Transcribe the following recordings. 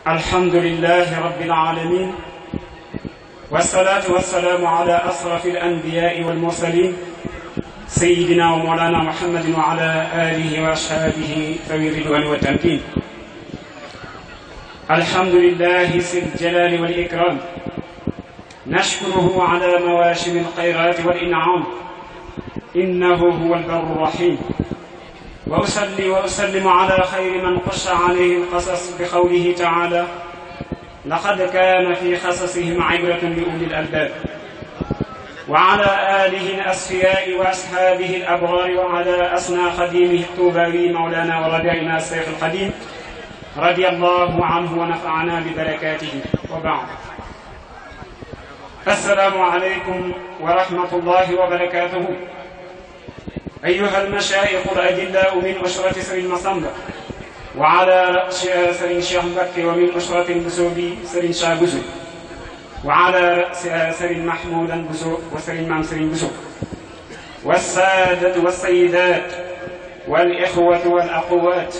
alhamdulilah rabbil alamin wasalaatu wasalaamu ala asraf alanbiyai walmursalin sayidina wa moolana muhammadin wa ala alihi wa ashaabihi zawi ridwani wa tamkin alhamdulilahi sil jalali wal ikram nashkuruhu ala mawasimi alxayrat wal inam innahu huwa albarru rahim وأصلي وأسلم على خير من قش عليه القصص بقوله تعالى لقد كان في قصصهم عبرة لأولي الألباب وعلى آله الأصفياء وأصحابه الأبرار وعلى أسنى قديمه الطوباوي مولانا وربيعنا الشيخ القديم رضي الله عنه ونفعنا ببركاته وبعد السلام عليكم ورحمة الله وبركاته أيها المشايخ الأجلاء من أسرة سرين مصمبة وعلى سرين شيخ مكي ومن أسرة البسوبي سرين شاه بسو وعلى سرين محمودا بسو وسرين مام سرين بسو والسادة والسيدات والإخوة والأخوات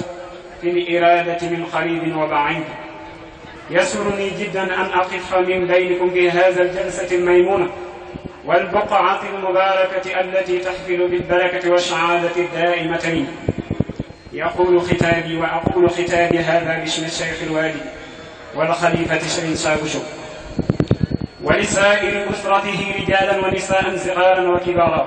في الإرادة من قريب وبعيد يسرني جدا أن أقف من بينكم في هذا الجلسة الميمونة والبقعة المباركة التي تحفل بالبركة والسعادة الدائمتين يقول ختامي وأقول ختامي هذا باسم الشيخ الوالي والخليفة سيد سابشو ولسائر أسرته رجالا ونساء صغارا وكبارا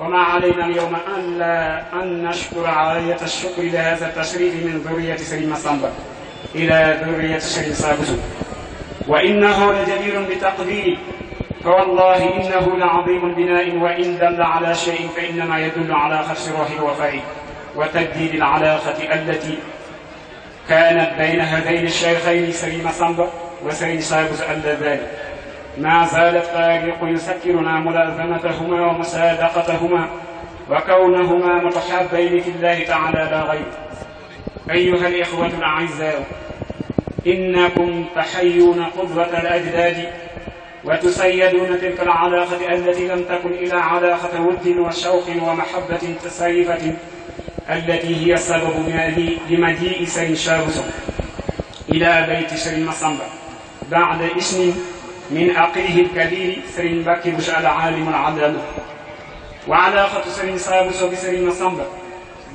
وما علينا اليوم أن لا أن نشكر عالية الشكر لهذا التشريف من ذرية سليم الصنبا إلى ذرية سليم سابشو وإنه لجدير بتقديري فوالله إنه لعظيم بناء وإن دل على شيء فإنما يدل على خسره وفائه وتجديد العلاقة التي كانت بين هذين الشيخين سليم صنبا وسليم شابز اللذان ما زالت طريق يسكرنا ملازمتهما ومصادقتهما وكونهما متحابين في الله تعالى لا غير أيها الإخوة الأعزاء إنكم تحيون قدرة الأجداد وتسيدون تلك العلاقة التي لم تكن إلا علاقة ود وشوق ومحبة تسيفة التي هي السبب بمجيء سري شارسو إلى بيت سري مصنبة بعد اسم من أقيه الكبير سري بكي بشأل عالم العدل وعلاقة سري سابسو بسري مصنبة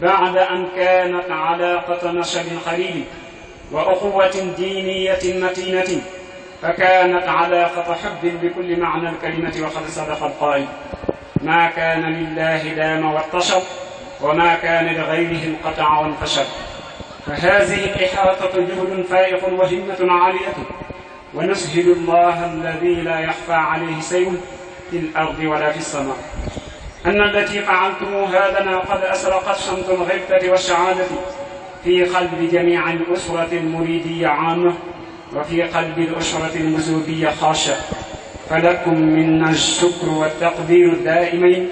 بعد أن كانت علاقة نشب قريب وأخوة دينية متينة فكانت علاقة حب بكل معنى الكلمة وقد صدق القائل ما كان لله دام واتصل وما كان لغيره انقطع وانفشل فهذه الإحاطة جهد فائق وهمة عالية ونسجد الله الذي لا يخفى عليه شيء في الأرض ولا في السماء أن التي فعلتموها لنا قد أسرقت شمس الغبة والسعادة في قلب جميع الأسرة المريدية عامة وفي قلب الأسرة المسلوكية خاصة فلكم منا الشكر والتقدير الدائمين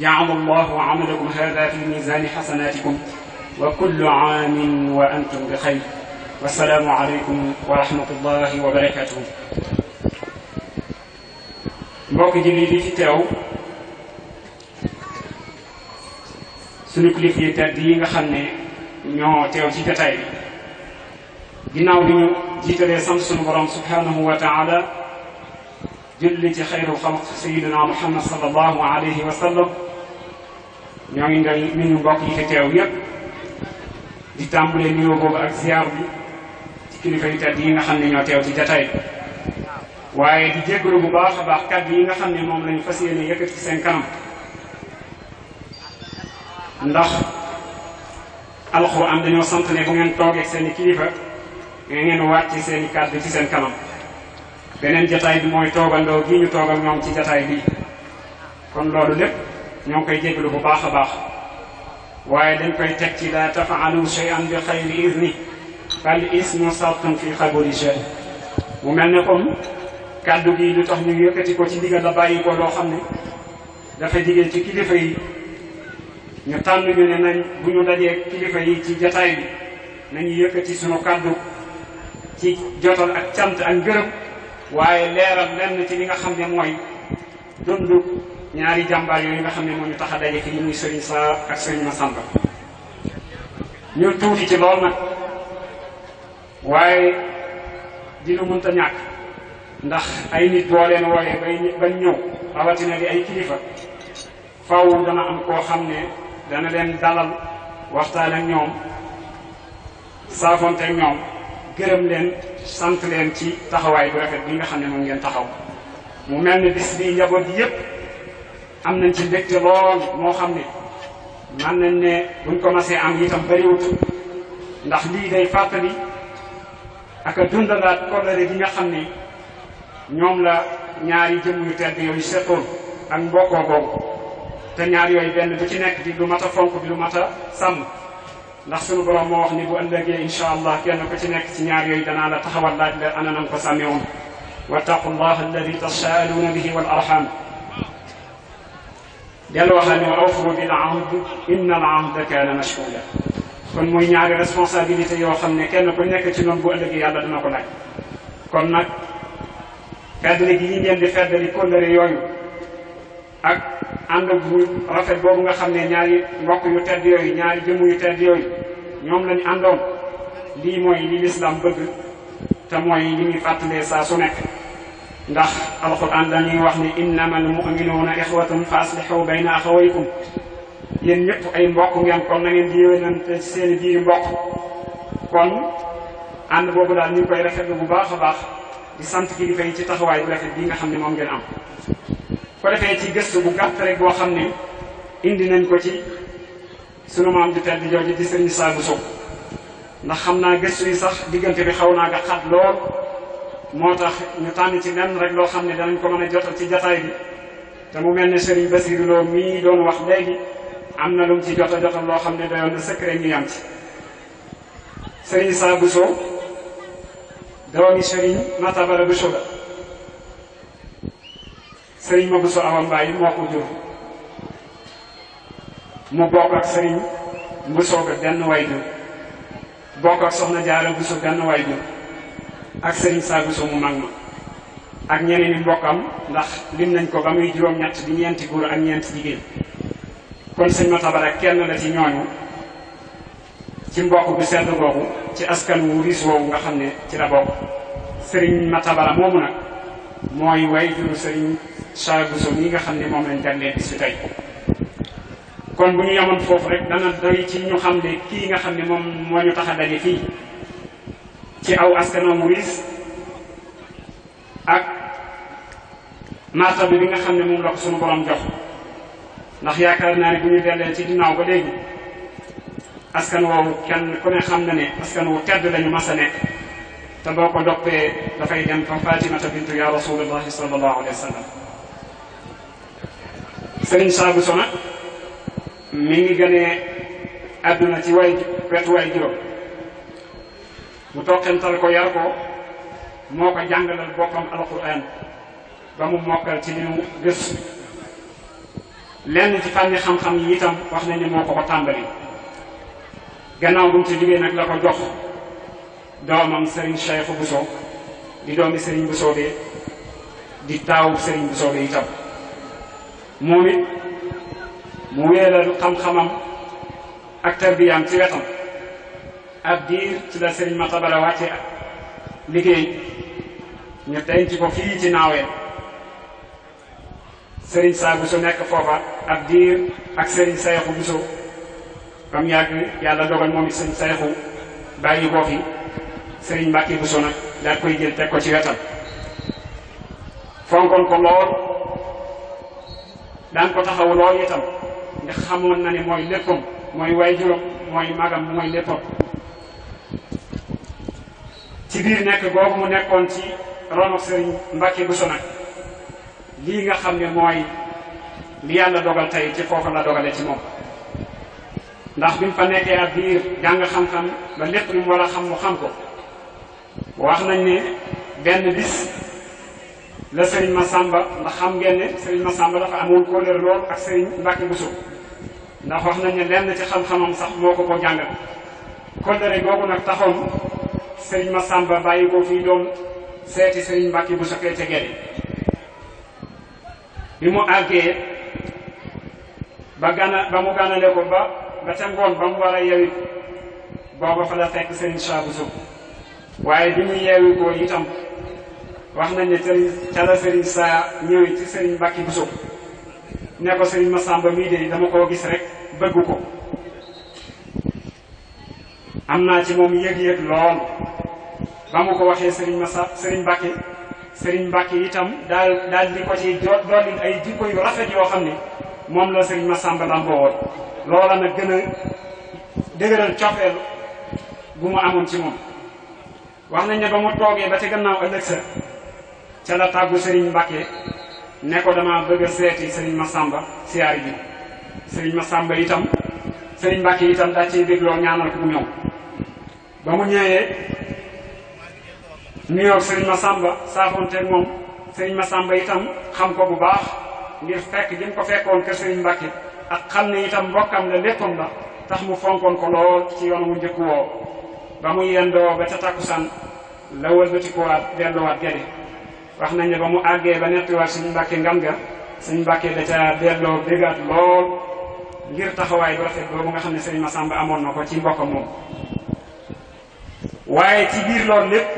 جعل الله عملكم هذا في ميزان حسناتكم وكل عام وأنتم بخير والسلام عليكم ورحمة الله وبركاته mbokk jullit yi fi teew sunu kilifa yi tedd yi nga xam ne ñoo teew ci jataay bi ginnaaw bi ñu jiitalee sant sunu borom subhanahu wa taala julli ci xayru xalq sayidina muhammad sallallahu alayhi wa sallam ñoo ngi ngay nit ñu mbokk yi fi teew yépp di tàmbalee nuyoo boobu ak ziar bi ci kilifa yu tedd yi nga xam ne ñoo teew ci jataay waaye di jégalu bu baax a baax kàddu yi nga xam ne moom lañu fas yéene yëkkati ci seen kanam ndax alxuraan dañoo sant ne bu ngeen toogee seen i kilifa ne ngeen wàcc seen i kàddu ci seen kanam beneen jataay bi mooy toogandoo gi ñu toogal ñoom ci jataay bi kon loolu lépp ñoo ngi koy jéglu bu baax a baax waaye dañ koy teg ci laa tafaalu shay'an bi xayri izni bal ismu sartun fi xabori shay mu mel ni comme kàddu gi ñu tax ñu yëkkati ko ci ndigal la bàyyi ko loo xam ne dafa jigéen ci kilifa yi ñu tànn ñu ne nañ bu ñu dajee kilifa yi ci jataay bi nañu yëkkati suñu kàddu ci jotal ak cant ak ngërëm waaye leeral lenn ci li nga xam ne mooy dundu ñaari jàmbaar yooyu nga xam ne moo ñu tax a daje fi muy sëriñ sa ak sëriñ Masamba ñu tuuti ci lool nag waaye di lu mënta ñàkk ndax ay nit boo leen wooyee bay bañ ñëw rawatina ay kilifa faw dana am koo xam ne dana leen dalal waxtaan ak ñoom saafonte ak ñoom gërëm leen sant leen ci taxawaay bu rafet bi nga xam ne moom ngeen taxaw mu mel ni bis bi njaboot yépp am nañ ci mbégte lool moo xam ne man nañ ne buñ commencé am itam bariwut ndax lii day fàttali ak a dundalaat kóllëre bi nga xam ne ñoom la ñaari jëm yu tedd yooyu seqoon ak mbokkoo googu te ñaar yooyu benn bu ci nekk di lu mat a fonk di lu mat a sàmm ndax suñu borom moo wax ni bu ëllëgee incha allah kenn ku ci nekk ci ñaar yooyu danaa la taxawal laaj la ana nanga ko sàmme woon wattaqu llah alladi tasaaluuna bihi wal arham dellu wax na ni wa awfu bil ahd inna al ahda kaana mashhuuda kon muy ñaari responsabilité yoo xam ne kenn ku ko ci noonu bu ëllëgee yàlla dana ko laaj kon nag feddali gi yi ngeen di feddali kóllëre yooyu ak ànd bu rafet boobu nga xam ne ñaari mbokk yu tedd yooyu ñaari jëmm yu tedd yooyu ñoom lañu àndoon lii mooy li lislaam bëgg te mooy li ñuy fàttalee saa su nekk ndax alquran dañuy wax ni innamal muminuuna ixwatun fa aslihu bayna ay mbokk ngeen kon na ngeen di i mbokk kon ànd boobu daal ñu koy rafetlu bu baax a baax di sant kilifa yi ci taxawaay bu rafet bii nga xam ne moom ngeen am ko defee ci gëstu bu gàtt rek boo xam ne indi nañ ko ci sunu maam di tedd jooju di sëriñ Saa Buso ndax xam naa gëstu yi sax diggante bi xaw naa nga xat lool moo tax ñu tànn ci lenn rek loo xam ne danañ ko mën a jotal ci jataay bi te mu mel ni sëriñ Basiru Lo mii doon wax léegi am na lum mu ci jot jotal loo xam ne dayoon na sëkk ñu yam ci sëriñ Saa Buso doomi sëriñ Matabara Buso la sëriñ ma Bousso Awa Mbaye moo ko jur mu bokk ak sëriñ ko ga genn waajur bokk ak soxna Jaara Bousso genn waajur ak sëriñ Saa Bousso mu mag ma ak ñeneen i mbokkam ndax lim nañ ko ba muy juróom-ñett di ñeenti góor ak ñeenti jigéen kon sëñ ma tabara kenn la ci ñooñu ci mbokk bi sedd googu ci askan wu riis woowu nga xam ne ci la bokk sëriñ ma tabara moomu nag mooy way juru sëriñ Sall Bousso mi nga xam ne moom lañ jagleel bis bi tey kon bu ci ñu xam ne kii nga xam ne moom moo ñu tax a daje fii ci aw askan muris ak martaba bi nga xam ne moom la ko suñu jox ndax yaakaar naa ni bu ñu dellee ci ginnaaw ba léegi askan woowu kenn ku ne xam na ne askan wu tedd lañu mas a nekk te boo ko doppee dafay dem fa Fatimata bintu ya rasulullahi sallallahu alayhi wa sallam sëriñ saabu sona mi ngi gënee àdduna ci way wetu way juróom mu toqental ko yar ko moo ko jàngalal boppam alquran ba mu mokkal ci li mu gës lenn ci fànni xam-xam yi itam wax nañ ne moo ko ko tàmbali gannaaw bu mu nag la ko jox doomam sëriñ Cheikh Bousso di doomi sëriñ Bousso bi di taawu sëriñ Bousso bi itam moom it mu weelal xam-xamam ak tarbiyaam ci wetam ab diir ci la sëriñ Maxtabara wàcce ak liggéey ñu denc ko fii ci naaweel sëriñ saa Buso nekk foofa ab diir ak sëriñ Sayxu Buso bam yàgg yàlla dogal moom it sëriñ Sayxu yi ko fi sëriñ Mbàkke Buso nag daal koy jël teg ko ci wetam fonkoon ko lool daan ko taxaw loolu itam ndax xamoon na ne mooy léppam mooy waajuram mooy magam mooy léppam ci biir nekk googu mu nekkoon ci ronu sëriñ Mbàkke Buso nag lii nga xam ne mooy li yàlla dogal tey ci foofu la dogale ci moom ndax bi mu fa nekkee ab biir jàng xam-xam ba lépp li mu a xam mu xam ko wax nañ ne benn bis la Serigne sàmba ndax xam ngeen ne Serigne Massamba dafa amoon kóolóor lool ak Serigne Mbacke Bousso ndax wax nañ ne lenn ci xam-xamam sax moo ko ko jàngal kóolóore googu nag taxoon Serigne Massamba bàyyi ko fii doom seeti Serigne Mbacke Bousso kee ca bi mu àggee ba gana ba mu ganale ko ba ba ca ngoon ba mu war a yewwi booba fa la fekk Serigne Cheikh Bousso waaye bi mu yewwi ko itam. wax nañ ne sëriñ ca la sëriñ saa ñëwee ci sëriñ Mbàkke Buso ne ko sëriñ Masamba mii de dama koo gis rek bëgg ko am naa ci moom yëg-yëg lool ba mu ko waxee sëriñ Massa sëriñ Mbàkke sëriñ Mbàkke itam daal daal di ko ci dolli ay jikko yu rafet yoo xam ne moom la sëriñ Masamba lamboo woon loola nag gën a dëgëral cofeel bu mu amoon ci moom wax nañ ne ba mu toogee ba ca gannaaw ëllëg sa ca la tàggu Serigne Mbacke ne ko dama bëgg a seeti Serigne Massamba siyaari bi Serigne Massamba itam Serigne Mbacke itam daa ciy dégloo ñaanal ko bu ñëw ba mu ñëwee nuyoo Serigne Massamba saafoonteeg moom Serigne Massamba itam xam ko bu baax ngir fekk jëm ko fekkoon kër Serigne Mbacke ak xam ne itam mbokkam la léppam la tax mu fonkoon ko lool ci yoon mu njëkk woo ba mu yendoo ba ca takkusaan la wëlbatikuwaat delluwaat gene wax nañ ne ba mu àggee ba war suñu mbàkke ngam ga suñu mbàkke da ca delloo déggaat lool ngir taxawaay bu rafet boobu nga xam ne sëriñ Masamba amoon na ko ci mbokk moom waaye ci biir loolu lépp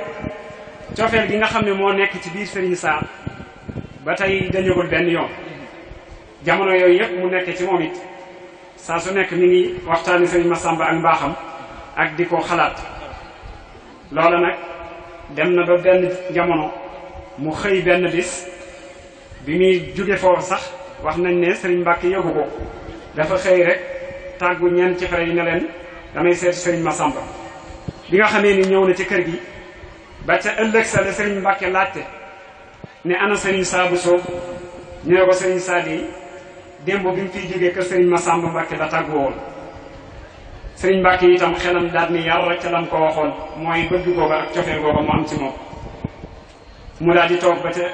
cofeel gi nga xam ne moo nekk ci biir sëriñ Saar ba tey dañëgul benn yoon jamono yooyu yëpp mu nekk ci moom it saa su nekk mi ngi waxtaani sëriñ Masamba ak mbaaxam ak di ko xalaat loola nag dem na ba benn jamono mu xëy benn bis bi muy jóge foofu sax wax nañ ne sëriñ Mbàkke yëgu ko dafa xëy rek tàggu ñenn ci xare yi ne leen damay seet sëriñ Masamba bi nga xamee ni ñëw na ci kër gi ba ca ëllëg sa la sëriñ Mbàkke laajte ne ana sëriñ Saabu Sow ñu ne ko sëriñ Saadi démb bi mu fiy jógee kër sëriñ Masamba Mbàkke la tàggu woon sëriñ Mbàkke itam xelam daal ni yàlla ca lam ko waxoon mooy bëgg googa ak cofeel googa mu am ci moom mu daal di toog ba te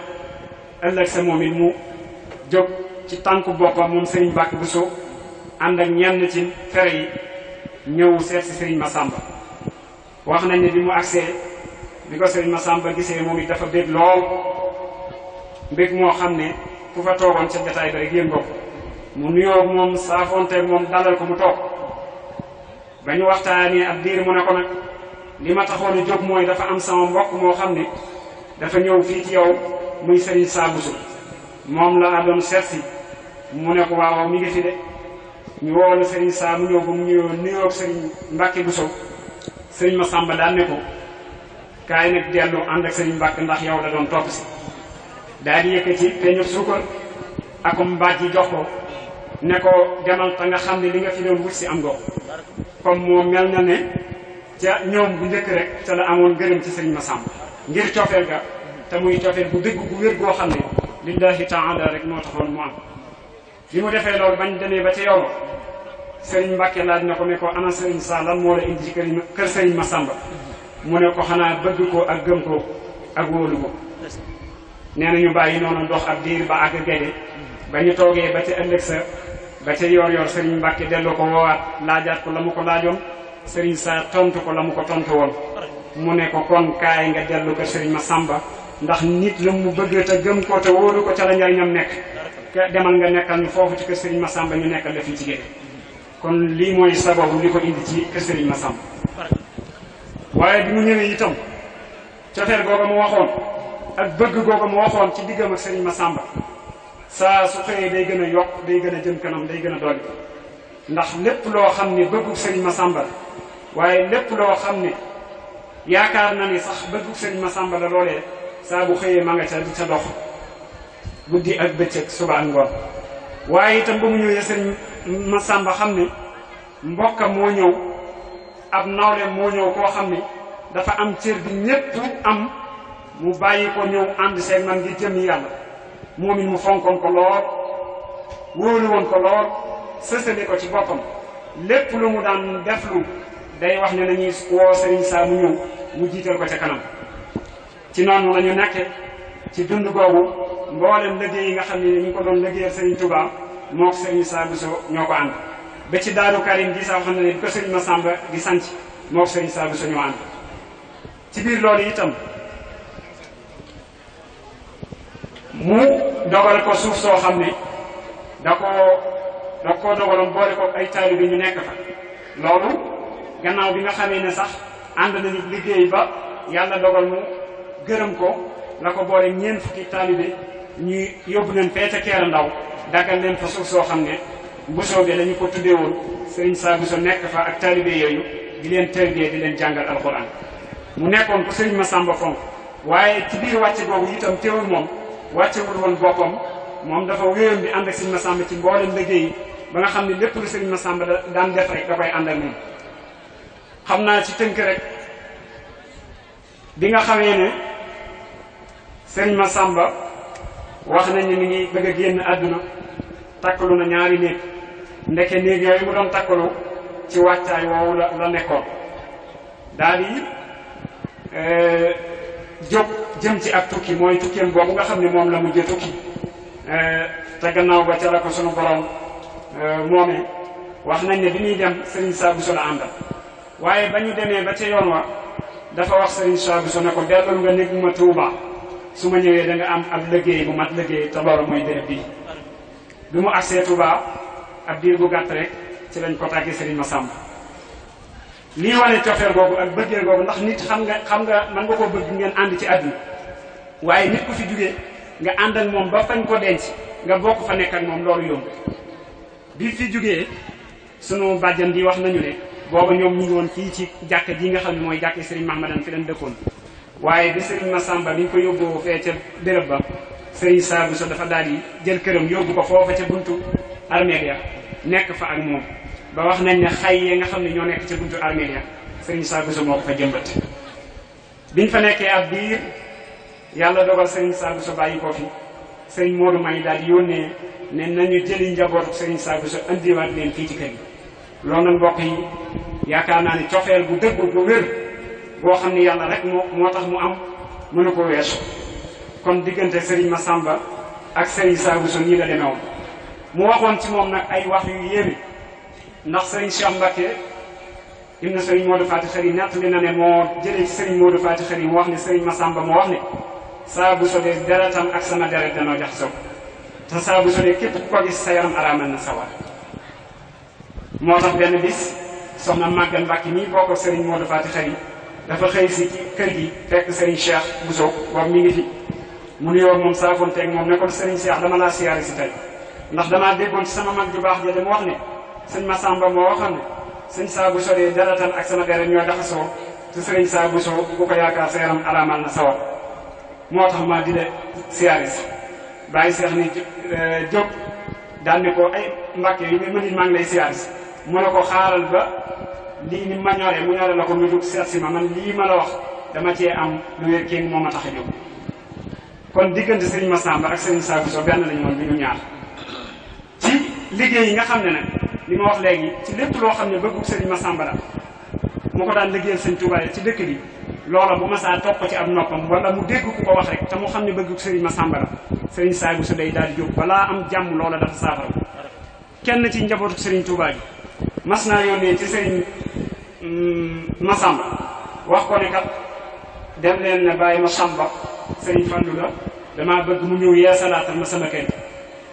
ëllëg sa moom it mu jóg ci tànku boppam moom sëriñ Mbàkke Buso ànd ak ñenn ci fere yi ñëw seet si sëriñ Masamba wax nañ ne bi mu agsee bi ko sëriñ Masamba gisee moom it dafa bég lool mbég moo xam ne ku fa toogoon ca jataay ba rek yéen ko mu nuyoo moom saafonteeg moom dalal ko mu toog ba ñu waxtaanee ab diir mu ne ko nag li ma taxoon a jóg mooy dafa am sama mbokk moo xam ne dafa ñëw fii ci yow muy sëriñ saabusu moom la doon seet si mu ne ko waaw mi ngi fi de ñu woo la sëriñ saa mu ñëw ba mu ñëw nuyoo sëriñ Mbàkke Buso sëriñ Masamba daan ne ko kaay nag dellu ànd ak sëriñ Mbàkke ndax yow da doon topp si daal di yëkkati peñu suukar akum baaj yi jox ko ne ko demal te nga xam ne li nga fi doon wut si am doo comme moom mel na ne ca ñoom bu njëkk rek ca la amoon gërëm ci sëriñ Masamba ngir cofeel ga te muy cofeel bu dëgg bu wér goo xam ne lillahi taala rek moo taxoon mu am bi mu defee loolu bañ demee ba ca yowma sëriñ Mbàkke laaj na ko ne ko ana sëriñ sa lan moo la indi ci kër kër sëriñ Masamba mu ne ko xanaa bëgg ko ak gëm ko ak wóolu ko nee na ñu bàyyi noonu ndox ab diir ba àgg gede ba ñu toogee ba ca ëllëg sa ba ca yoor yoor sëriñ Mbàkke delloo ko woowaat laajaat ko la mu ko laajoon sëriñ sa tontu ko la mu ko tontu woon mu ne ko kon kaay nga dellu ko sëriñ ma sàmba ndax nit la mu bëgg te gëm ko te wóolu ko ca la njariñam nekk demal nga nekkal ñu foofu ci kër kon lii mooy sababu li ko indi ci kër sëriñ ma sàmba waaye bi mu ñëwee itam cofeel googu mu waxoon ak bëgg googu mu waxoon ci diggam ak sëriñ ma sàmba saa su xëyee day gën a yokk day gën a jëm kanam day gën a dolli ndax lépp loo xam ne bëggu sëriñ ma sàmba waaye lépp loo xam ne yaakaar na ni sax ba dugg sëñ Masamba la loolee saa bu xëyee ma nga ca di ca dox guddi ak bëccëg suba ak ngoon waaye itam ba mu ñëwee sëñ Masamba xam ne mbokka moo ñëw ab nawle moo ñëw koo xam ne dafa am cër bi ñépp am mu bàyyi ko ñëw ànd seen man ngi yàlla moom it mu fonkoon ko lool wóolu ko lool sësale ko ci boppam lépp lu mu daan def lu day wax ne nañuy woo Serigne Saa mu ñëw mu jiital ko ca kanam ci noonu la ñu nekke ci dund googu mboolem liggéey yi nga xam ne ñu ngi ko doon liggéeyal Serigne Touba moo ko Serigne Saa Bousso ñoo ko ànd ba ci Daaru Karim gi sax xam ne bi ko Serigne Massamba di sanc moo ko Serigne Saa Bousso ñoo ànd ci biir loolu itam mu dogal ko suuf soo xam ne da koo da koo ko ay taalibe ñu nekk fa loolu gannaaw bi nga xamee ne sax ànd nañu liggéey ba yàlla dogal mu gërëm ko la ko boole ñeent fukki taalibe ñu yóbbu leen fee ca keer ndaw daggal leen fa suuf soo xam ne Bousso bi lañu ko tuddee woon sëriñ saa Bousso nekk fa ak taalibe yooyu di leen tarbiyee di leen jàngal alxuraan mu nekkoon ko sëriñ Masamba fonk waaye ci biir wàcce boobu itam teewul moom wàccewul woon boppam moom dafa wéyoon di ànd ak sëriñ Masamba ci mboolem liggéey ba nga xam ne lépp lu sëriñ Masamba daan def rek da xam naa ci tënk rek bi nga xamee ne sëñ Masamba wax nañ ne ngi bëgg a génn àdduna takkalu na ñaari néeg ndeke néeg yooyu mu doon takkalu ci wàccaay woowu la la nekkoon daal di e, jóg jëm ci ak tukki mooy tukkeem boobu nga xam ne moom la mujjee tukki e, te gannaaw ba ca la ko sunu borom e, moomee wax nañ ne bi ñuy dem sëriñ Saabu Sola àndal waaye ba ñu demee ba ca yoon wa dafa wax sëriñ Sabiso ne ko nga néeg ma Tuuba su ma ñëwee da nga am ab liggéey bu mat liggéey te mooy béréb bi bi mu agsee Tuuba ab diir bu gàtt rek ci lañ ko tàggee ma Masamba lii wane cofeel googu ak bëggeel googu ndax nit xam nga xam nga man nga ko bëgg ngeen ànd ci àdduna waaye nit ku fi jugee nga ànd moom ba fañ ko denc nga bokk fa nekk ak moom loolu yomb bi fi jugee sunu bàjjan di wax nañu ne booba ñoom ñu ngi fii ci jàkk ji nga xam ne mooy jàkk Serigne Mahmadan fi leen dëkkoon waaye bi Serigne Massamba bi ñu ko yóbboo fee ca béréb ba Serigne Saabu so dafa daal di jël këram yóbbu ko foofa ca buntu armeel ya nekk fa ak moom ba wax nañ ne xay nga xam ne ñoo nekk ca buntu armeel ya Serigne Saabu so moo ko fa jëmbat biñ fa nekkee ab biir yàlla dogal Serigne Saabu so bàyyi ko fi Serigne Modou May daal di yónnee ne nañu jëli njabootu Serigne Saabu so indiwaat loolu nag mbokk yi yaakaar naa ne cofeel bu dëgg bu wér boo xam ne yàlla rek moo moo tax mu am mënu ko weesu kon diggante ma sàmba ak Serigne Sabuso nii la demewoon mu waxoon ci moom nag ay wax yu yéeme ndax Serigne Cheikh Mbacké ibn Serigne Modou Fati Xari nettali na ne moo jëlee ci Serigne Modou Fati Xari mu wax ne Serigne Massamba moo wax ne Sabuso de deretam ak sama deret danoo jax soog te so de képp ku ko gis sa yaram araamal na sawar moo tax benn bis soxna Maguette Mbacke mii bokk ak xëy dafa xëy si kër gi fekk Serigne Cheikh Bousso boobu mi ngi fi. mu nuyoo moom saafonteeg moom ne kon Serigne Cheikh dama laa siyaare si tey ndax damaa déggoon ci sama mag ju baax ja dem wax ne sëñ Massamba moo waxoon ne sëñ saa bu soree daratan ak sama deret ñoo daxasoo te Serigne saa bu soo bu ko yaakaar sa yaram araamal na sawar moo tax ma di la siyaare si bàyyi Cheikh ni Diop eh, daan ne ko ay Mbacke yi nga mën it maa ngi mu ne ko xaaral ba lii ni ma ñore mu ñore la ko mu jóg seet ma man lii ma la wax dama cee am lu wér kéng moo ma tax a jóg kon diggante sëriñ Massamba ak sëriñ Moussa Bousso benn lañu woon yi nga xam ne nag li ma wax léegi ci lépp loo xam ne bëggug sëriñ Massamba la mu ko daan liggéeyal sëriñ Touba dëkk bi loola bu Massa toog ko ci ab noppam wala mu dégg ku ko xam ne bëggug sëriñ Massamba la sëriñ Moussa Bousso day daal di jóg balaa am jàmm loola dafa saafara kenn ci njabootu sëriñ Touba gi mas naa yónnee ci sëriñ Masamba mm, wax ko ne kat leen ne bàyyi ma Samba sëriñ Fallu la damaa bëgg mu ñëw yeesalaatal ma sama kër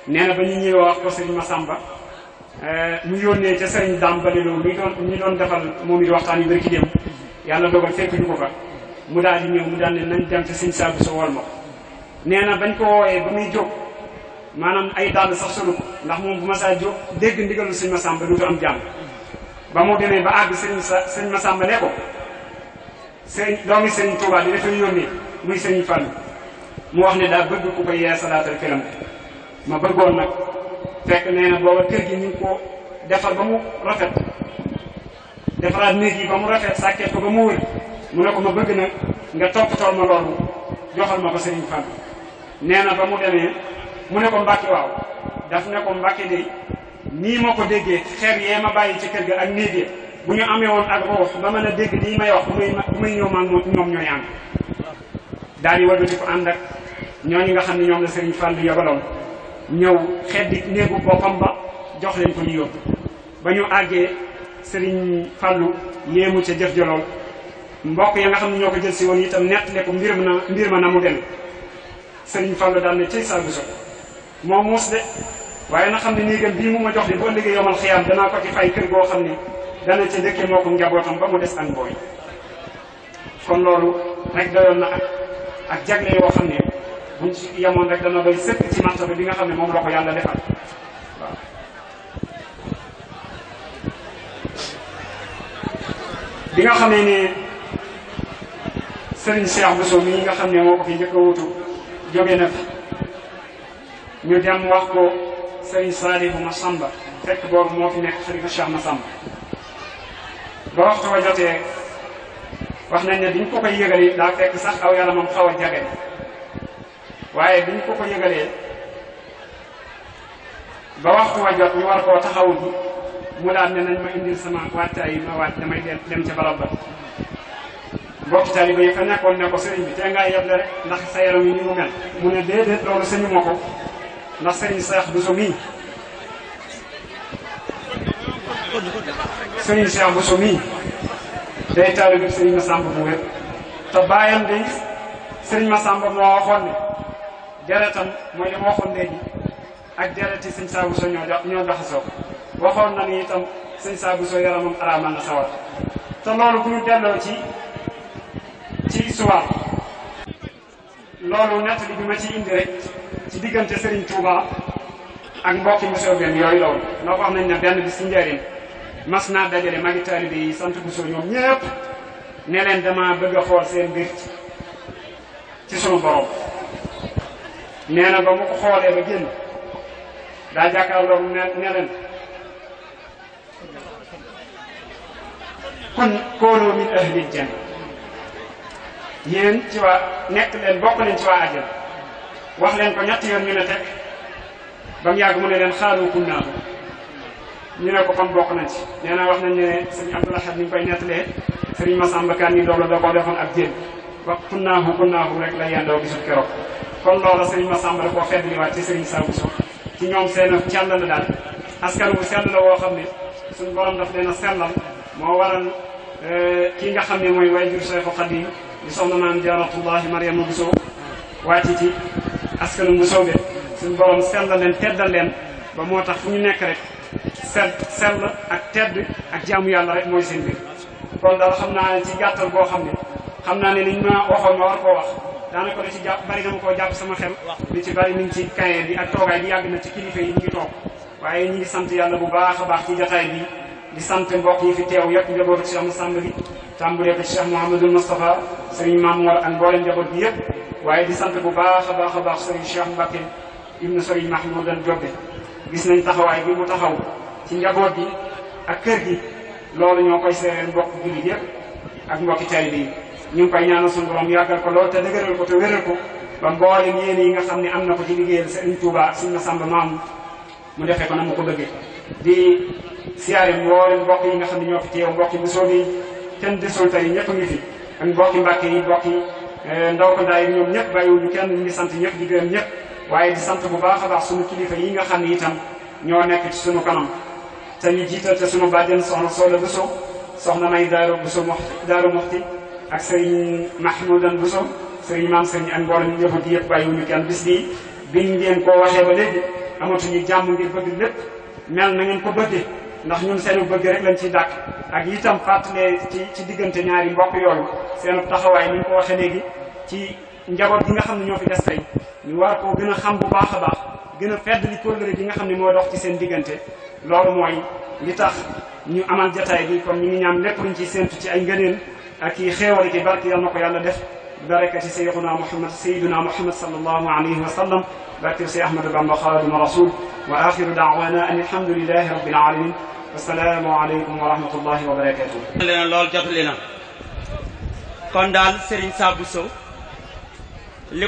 nee na ba ñu ñëwee wax ko sëriñ Masamba eh, mu yónnee ca sëriñ Dambale Lo mi doon defal moom it waxtaan yu bari yàlla dogal fekk ñu fa mu daal di ñëw mu daal ne nañ dem ca sëriñ Saabu sa wol ma ko nee ko wooyee ba muy jóg maanaam ay dàll sax solu ndax moom ma masaa jóg dégg ndigalul sëñ Masamba duutu am jàmm ba mu demee ba àgg sëñ sa sëñ Masamba ne ko sëñ doomi sëñ Touba di dafay yónnee wax ne daa bëgg ku ko ma bëggoon nag fekk nee booba kër gi ñu ko defar ba mu rafet defaraat néeg yi ba mu rafet sàkket ko ba mu wër mu ne ko ma bëgg nag nga toppatoo ma loolu joxal ma ko sëñ Fall nee ba mu demee mu ne ko Mbàkke waaw daf ne ko Mbàkke de nii ma ko déggee xeer yee ma bàyyi ci kër ga ak néeg bu ñu amee woon ak roox ba mën a dégg lii may wax bu may bu ñoom ñooy ànd daal di wàllu di ko ànd ak ñooñu nga xam ne ñoom la Serigne Fallou yabaloon ñëw xeddi néegu boppam ba jox leen ko ñu yóbbu ba ñu àggee Serigne Fallou yéemu ca jëf jolool mbokk ya nga xam ne ñoo ko jël si woon itam nettali ko mbir ma na mbir ma daal ne cay saa bu moo muus de waaye na xam ne nii gën bii mu ma jox ni boo liggéey yomal xiyaam danaa ko ci fay kër goo xam ni dana ci dëkke moo ko njabootam ba mu des ak mbooy kon jagle yoo xam ne buñ yamoon rek dana doy sëkk ci martaba bi nga xam ne moom la ko yàlla defal waaw bi nga xamee ne sëriñ Cheikh Bousso mii nga xam ne moo ko fi njëkk wutu jóge na ñu dem wax ko sëriñ Saalihu Masamba fekk boobu moo fi nekk xalifa Cheikh Masamba ba waxtu wa wax nañ ne biñ ko koy yëgalee daa fekk sax aw yaramam xaw a jage waaye biñ ko ko yëgalee ba waxtu wa ñu war koo taxawu bi mu daal ne nañ ma indil sama waajtaay yi ma waaj damay dem ca barab ba mbokki taalibe yi fa nekkoon ne ko sëriñ bi te ngaa yeble rek ndax sa yaram yi ni mel mu ne déedéet loolu sëñu ma ko ndax sëriñ Seex Buso mii sëriñ Seex Buso mii day taalibe sëriñ Masamba bu wér te bàyyam day sëriñ Masamba moo waxoon ne deretam mooy li ma waxoon léegi ak dereti sëñ Saa Buso ñoo jox ñoo jaxasoo waxoon na ni itam sëñ Saa Buso yaramam araamal na sawar te loolu bu delloo ci ci histoire loolu nett li ci indi rek ci diggante Serigne Touba ak mbokki Bousso benn yooyu la woon noo wax nañ ne benn bi si njëriñ mas naa dajale magi taalibe yi sant Bousso ñoom ñëpp ne leen dama bëgg xool seen mbir ci sunu borom nee na ba mu xoolee ba génn daa jàkkaarloo ne ne leen kun koonoo min ahlil janna ci waa nekk leen bokk leen ci waa àjjana wax leen ko ñetti yoon ñu ne teg ba mu yàgg ne leen xaalu kunnaabu ñu ne ko kon bokk nañ ci nee naa wax nañ ne sëñ Abdou Lahad ni ñu koy nettalee sëriñ Masamba Kan ni doom la da koo defoon ak jéem wax kunnaahu kunnaahu rek la yendoo gisul keroog kon loola sëriñ Masamba da koo feddliwaat ci sëriñ Saabu Sow ci ñoom seen cell la daal askan wu sell la woo xam ne suñ borom daf leen a sellal moo waral euh, kii nga xam ne mooy waajur Seexu Xadim di soxna maam Jaaratullaahi Mariama askanu mu soobe suñu borom sellal leen teddal leen ba moo tax fu ñu nekk rek sell sell ak tedd ak jaamu yàlla rek mooy si biir kon daal xam naa ne ci gàttal goo xam ne xam naa ne liñ ñu waxoon ma war koo wax daanaka li ci jàpp bari dama koo jàpp sama xel li ci bari mi ngi ci kaye bi ak toogaay bi yàgg na ci kilifa yi ñu ngi toog waaye ñu ngi sant yàlla bu baax a baax ci jotaay bi di sant mbokk yi fi teew yëpp njabootu Cheikh Massamba bi tàmbulee ko Cheikh Mouhamadul Moustapha sëriñ Mamour ak mboolem yëpp waaye di sant bu baax a baax a baax sëriñ Cheikh Mbacké ibnu sëriñ Mahmoudan Jobbe gis nañ taxawaay bi mu taxaw ci njaboot gi ak kër gi loolu ñoo koy seereen mbokk jullit yëpp ak mbokki taalibe yi ñu ngi koy ñaanal suñu borom yàggal ko lool te dëgëral ko te wéral ko ba mboolem yéen yi nga xam ne am na ko si liggéeyal sëriñ Touba suñu Masamba maam mu defee ko na mu ko bëggee di siyaare mboolem mbokk yi nga xam ne ñoo fi teew mbokki musóob yi kenn desul tey ñëpp ngi Eh, ndaw ko daay ñoom ñëpp bàyyiwuñu kenn ñu sant ñëpp di gërëm ñëpp waaye di sant bu baax a baax suñu kilifa yi nga xam ne itam ñoo nekk ci suñu kanam te ñu jiital te suñu bàjjen soxna Soola Buso soxna May Daaro Buso Moxti Daaro Moxti ak sëriñ Mahmoudan Buso sëriñ maam sëriñ ak mboolem njaboot yëpp bàyyiwuñu kenn bis bi biñ ngeen koo waxee ba léegi amatuñu jàmm ngir bëgg lépp mel na ngeen ko bëggee ndax ñun seenu bëgg rek lañ ci dàkk ak itam fàttalee ci ci diggante ñaari mbokk yooyu seenu taxawaay ni ñu ko waxee léegi ci njaboot gi nga xam ne ñoo fi des tey ñu war koo gën a xam bu baax baax gën a fedd li kóllëre gi nga xam ne moo dox ci seen diggante lool mooy li tax ñu amal jataay bi kon mi ngi ñaan lépp luñ ci séentu ci ay ngëneel ak i xéewal ki barki yal na ko yàlla def barakati sayyiduna muhammad sayyiduna ba sallallahu alayhi wa sallam barki si ahmadu bamba xaadimu rasul wa axiru daawana an alhamdulilahi rabbil alamin asalaamu aleykum wa rahmatullahi wa barakatuh lena na kon daal Serigne Saabou Sow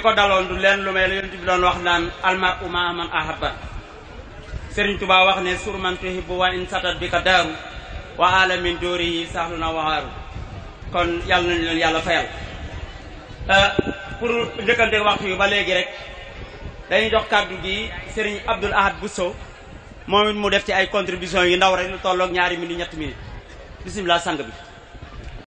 ko daloon du leen lu may la bi doon wax naan almar u maa man ahabba Serigne Touba wax ne sur man tuhibbu wa in satat bi daaru wa alamin dóori yi saaxlu na waxaaru kon yàlla nañu fayal euh, pour njëkkante waxtu yu ba léegi rek dañuy dox kàddu gi Serigne Abdoul bu Bousso moom it mu def ci ay contribution yu ndaw rek lu tolloog ñaari ñett ñetti minutes bisimilah sang bi.